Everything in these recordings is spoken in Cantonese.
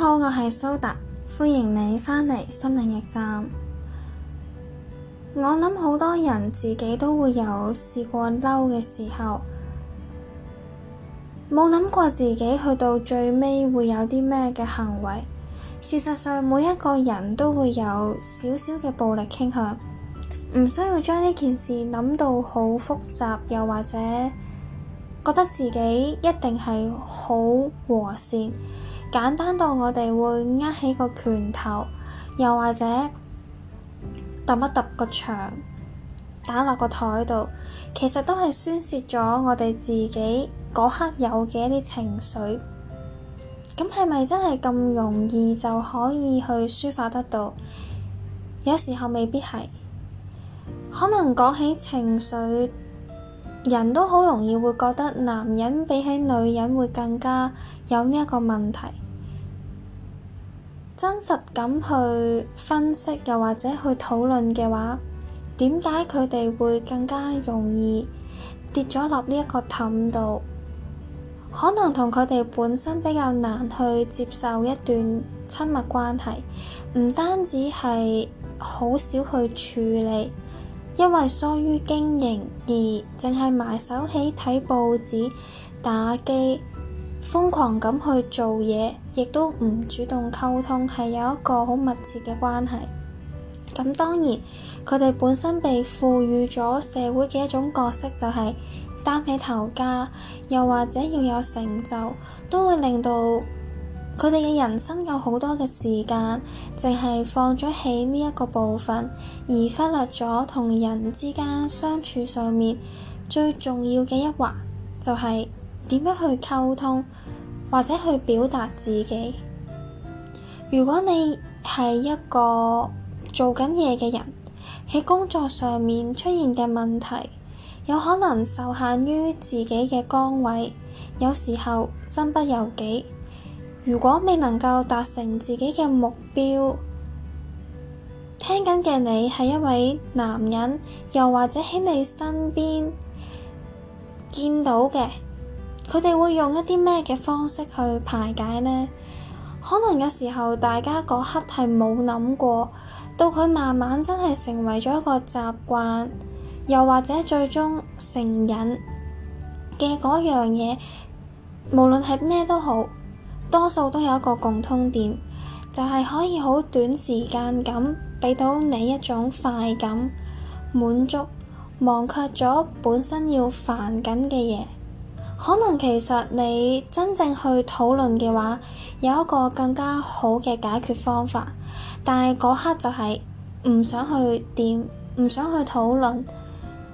大家好，我係蘇達，歡迎你返嚟心靈驛站。我諗好多人自己都會有試過嬲嘅時候，冇諗過自己去到最尾會有啲咩嘅行為。事實上，每一個人都會有少少嘅暴力傾向，唔需要將呢件事諗到好複雜，又或者覺得自己一定係好和善。簡單到我哋會握起個拳頭，又或者揼一揼個牆，打落個枱度，其實都係宣洩咗我哋自己嗰刻有嘅一啲情緒。咁係咪真係咁容易就可以去抒發得到？有時候未必係，可能講起情緒。人都好容易會覺得男人比起女人會更加有呢一個問題，真實咁去分析，又或者去討論嘅話，點解佢哋會更加容易跌咗落呢一個氹度？可能同佢哋本身比較難去接受一段親密關係，唔單止係好少去處理。因為疏於經營，而淨係埋手喺睇報紙、打機，瘋狂咁去做嘢，亦都唔主動溝通，係有一個好密切嘅關係。咁當然，佢哋本身被賦予咗社會嘅一種角色，就係，就係擔起頭家，又或者要有成就，都會令到佢哋嘅人生有好多嘅時間，淨係放咗喺呢一個部分，而忽略咗同人之間相處上面最重要嘅一環，就係點樣去溝通或者去表達自己。如果你係一個做緊嘢嘅人，喺工作上面出現嘅問題，有可能受限於自己嘅崗位，有時候身不由己。如果未能夠達成自己嘅目標，聽緊嘅你係一位男人，又或者喺你身邊見到嘅佢哋會用一啲咩嘅方式去排解呢？可能有時候，大家嗰刻係冇諗過，到佢慢慢真係成為咗一個習慣，又或者最終成癮嘅嗰樣嘢，無論係咩都好。多數都有一個共通點，就係可以好短時間咁畀到你一種快感、滿足，忘卻咗本身要煩緊嘅嘢。可能其實你真正去討論嘅話，有一個更加好嘅解決方法。但係嗰刻就係唔想去掂，唔想去討論。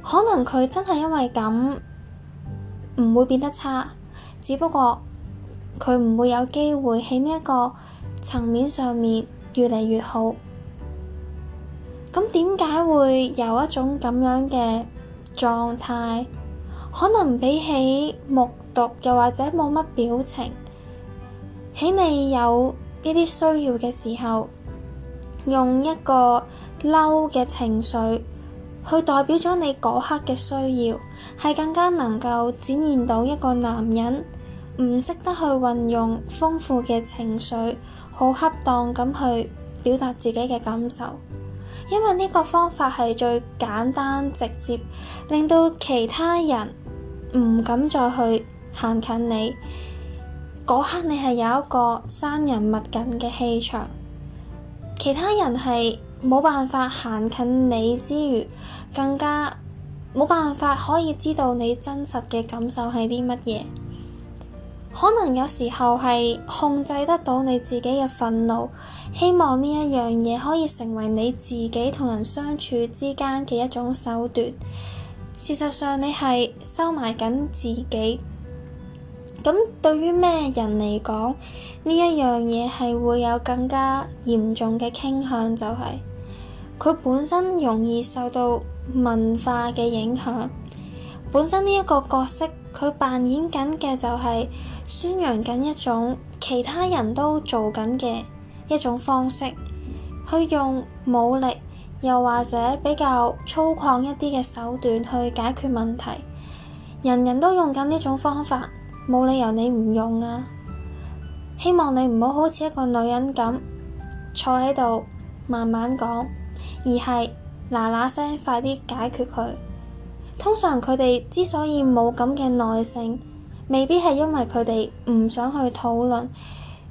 可能佢真係因為咁，唔會變得差，只不過。佢唔會有機會喺呢一個層面上面越嚟越好。咁點解會有一種咁樣嘅狀態？可能比起目睹，又或者冇乜表情，喺你有呢啲需要嘅時候，用一個嬲嘅情緒去代表咗你嗰刻嘅需要，係更加能夠展現到一個男人。唔識得去運用豐富嘅情緒，好恰當咁去表達自己嘅感受，因為呢個方法係最簡單直接，令到其他人唔敢再去行近你。嗰刻你係有一個生人勿近嘅氣場，其他人係冇辦法行近你之餘，更加冇辦法可以知道你真實嘅感受係啲乜嘢。可能有時候係控制得到你自己嘅憤怒，希望呢一樣嘢可以成為你自己同人相處之間嘅一種手段。事實上，你係收埋緊自己。咁對於咩人嚟講，呢一樣嘢係會有更加嚴重嘅傾向，就係佢本身容易受到文化嘅影響。本身呢一個角色，佢扮演緊嘅就係。宣揚緊一種其他人都做緊嘅一種方式，去用武力又或者比較粗獷一啲嘅手段去解決問題。人人都用緊呢種方法，冇理由你唔用啊！希望你唔好好似一個女人咁坐喺度慢慢講，而係嗱嗱聲快啲解決佢。通常佢哋之所以冇咁嘅耐性。未必係因為佢哋唔想去討論，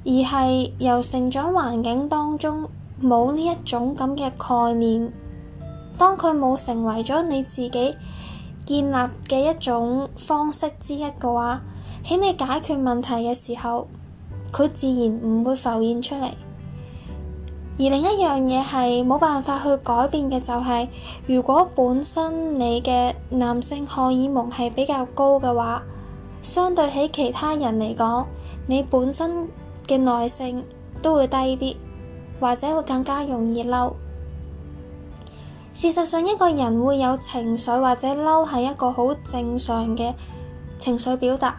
而係由成長環境當中冇呢一種咁嘅概念。當佢冇成為咗你自己建立嘅一種方式之一嘅話，喺你解決問題嘅時候，佢自然唔會浮現出嚟。而另一樣嘢係冇辦法去改變嘅，就係，就係如果本身你嘅男性荷爾蒙係比較高嘅話。相對起其他人嚟講，你本身嘅耐性都會低啲，或者會更加容易嬲。事實上，一個人會有情緒或者嬲，係一個好正常嘅情緒表達。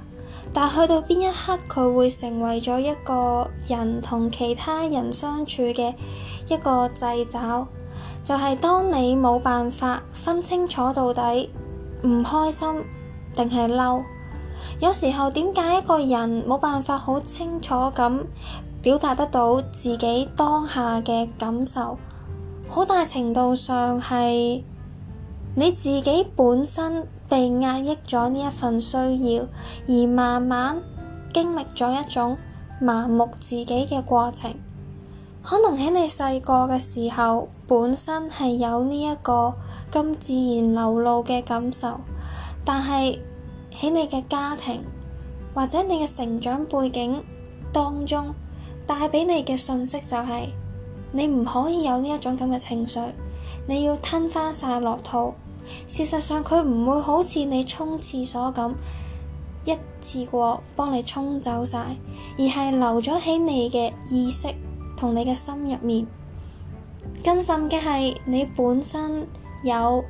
但去到邊一刻，佢會成為咗一個人同其他人相處嘅一個掣肘，就係當你冇辦法分清楚到底唔開心定係嬲。有時候點解一個人冇辦法好清楚咁表達得到自己當下嘅感受？好大程度上係你自己本身被壓抑咗呢一份需要，而慢慢經歷咗一種麻木自己嘅過程。可能喺你細個嘅時候，本身係有呢一個咁自然流露嘅感受，但係喺你嘅家庭或者你嘅成長背景當中，帶畀你嘅信息就係、是，你唔可以有呢一種咁嘅情緒，你要吞翻晒落肚。事實上佢唔會好似你沖廁所咁，一次過幫你沖走晒，而係留咗喺你嘅意識同你嘅心入面。更深嘅係你本身有。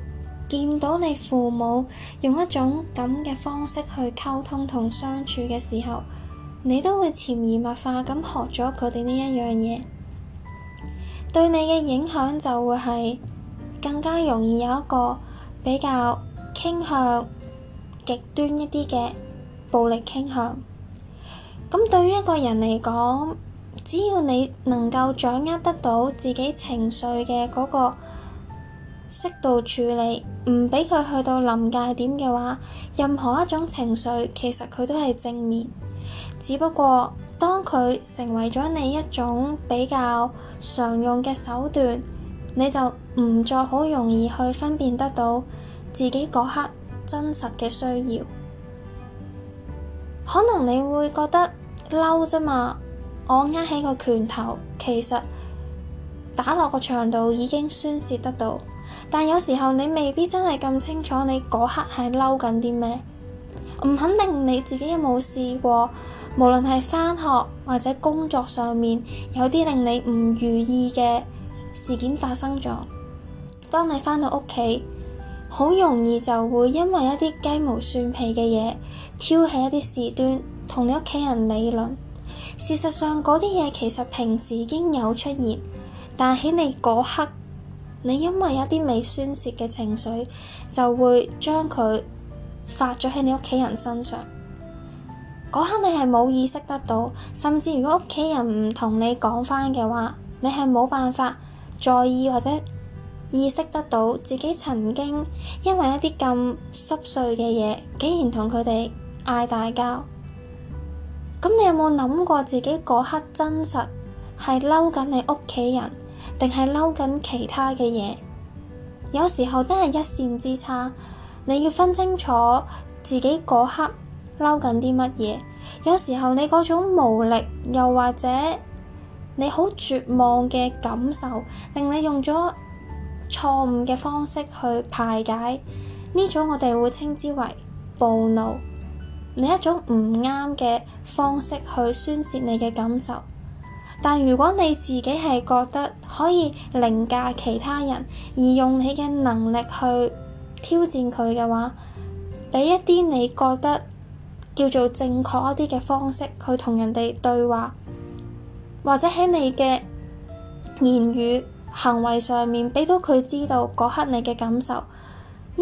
見到你父母用一種咁嘅方式去溝通同相處嘅時候，你都會潛移默化咁學咗佢哋呢一樣嘢，對你嘅影響就會係更加容易有一個比較傾向極端一啲嘅暴力傾向。咁對於一個人嚟講，只要你能夠掌握得到自己情緒嘅嗰個。適度處理，唔畀佢去到臨界點嘅話，任何一種情緒其實佢都係正面，只不過當佢成為咗你一種比較常用嘅手段，你就唔再好容易去分辨得到自己嗰刻真實嘅需要。可能你會覺得嬲啫嘛，我握起個拳頭，其實打落個牆度已經宣洩得到。但有時候你未必真係咁清楚你，你嗰刻係嬲緊啲咩？唔肯定你自己有冇試過，無論係返學或者工作上面有啲令你唔如意嘅事件發生咗，當你返到屋企，好容易就會因為一啲雞毛蒜皮嘅嘢挑起一啲事端，同你屋企人理論。事實上嗰啲嘢其實平時已經有出現，但喺你嗰刻。你因為一啲未宣洩嘅情緒，就會將佢發咗喺你屋企人身上。嗰刻你係冇意識得到，甚至如果屋企人唔同你講返嘅話，你係冇辦法在意或者意識得到自己曾經因為一啲咁濕碎嘅嘢，竟然同佢哋嗌大交。咁你有冇諗過自己嗰刻真實係嬲緊你屋企人？定係嬲緊其他嘅嘢？有時候真係一線之差，你要分清楚自己嗰刻嬲緊啲乜嘢。有時候你嗰種無力，又或者你好絕望嘅感受，令你用咗錯誤嘅方式去排解。呢種我哋會稱之為暴怒，你一種唔啱嘅方式去宣洩你嘅感受。但如果你自己係覺得可以凌駕其他人，而用你嘅能力去挑戰佢嘅話，畀一啲你覺得叫做正確一啲嘅方式去同人哋對話，或者喺你嘅言語行為上面畀到佢知道嗰刻你嘅感受，呢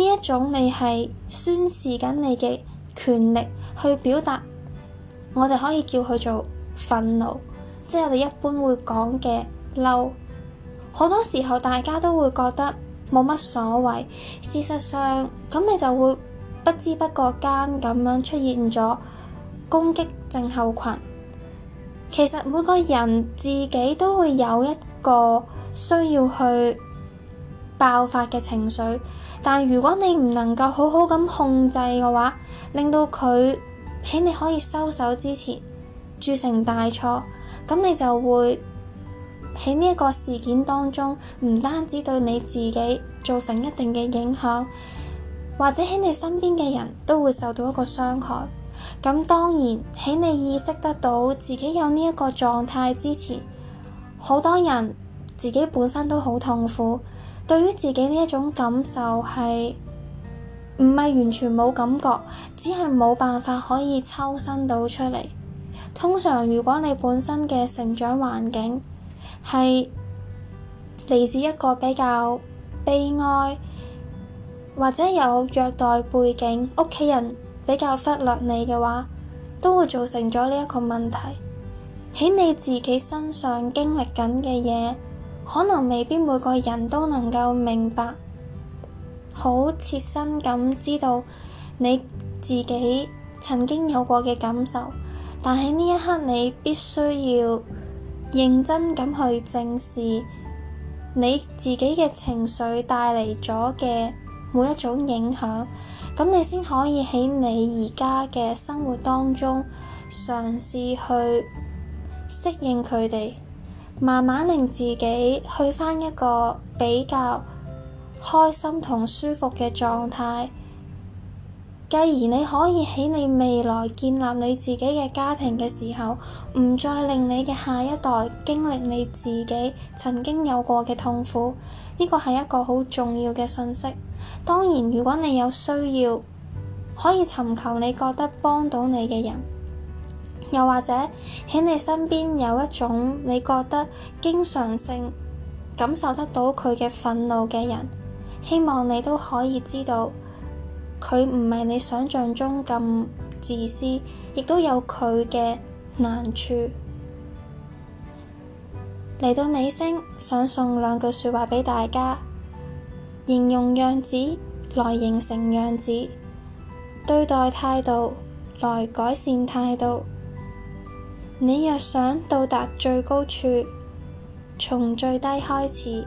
一種你係宣示緊你嘅權力去表達，我哋可以叫佢做憤怒。即係我哋一般會講嘅嬲，好多時候大家都會覺得冇乜所謂。事實上，咁你就會不知不覺間咁樣出現咗攻擊症候群。其實每個人自己都會有一個需要去爆發嘅情緒，但如果你唔能夠好好咁控制嘅話，令到佢喺你可以收手之前，鑄成大錯。咁你就會喺呢一個事件當中，唔單止對你自己造成一定嘅影響，或者喺你身邊嘅人都會受到一個傷害。咁當然喺你意識得到自己有呢一個狀態之前，好多人自己本身都好痛苦，對於自己呢一種感受係唔係完全冇感覺，只係冇辦法可以抽身到出嚟。通常，如果你本身嘅成長環境係嚟自一個比較悲哀或者有虐待背景，屋企人比較忽略你嘅話，都會造成咗呢一個問題。喺你自己身上經歷緊嘅嘢，可能未必每個人都能夠明白，好切身咁知道你自己曾經有過嘅感受。但喺呢一刻，你必須要認真咁去正視你自己嘅情緒帶嚟咗嘅每一種影響，咁你先可以喺你而家嘅生活當中嘗試去適應佢哋，慢慢令自己去翻一個比較開心同舒服嘅狀態。繼而你可以喺你未來建立你自己嘅家庭嘅時候，唔再令你嘅下一代經歷你自己曾經有過嘅痛苦，呢個係一個好重要嘅信息。當然，如果你有需要，可以尋求你覺得幫到你嘅人，又或者喺你身邊有一種你覺得經常性感受得到佢嘅憤怒嘅人，希望你都可以知道。佢唔係你想象中咁自私，亦都有佢嘅難處。嚟到尾聲，想送兩句說話畀大家：形容樣子，來形成樣子，對待態度，來改善態度。你若想到達最高處，從最低開始。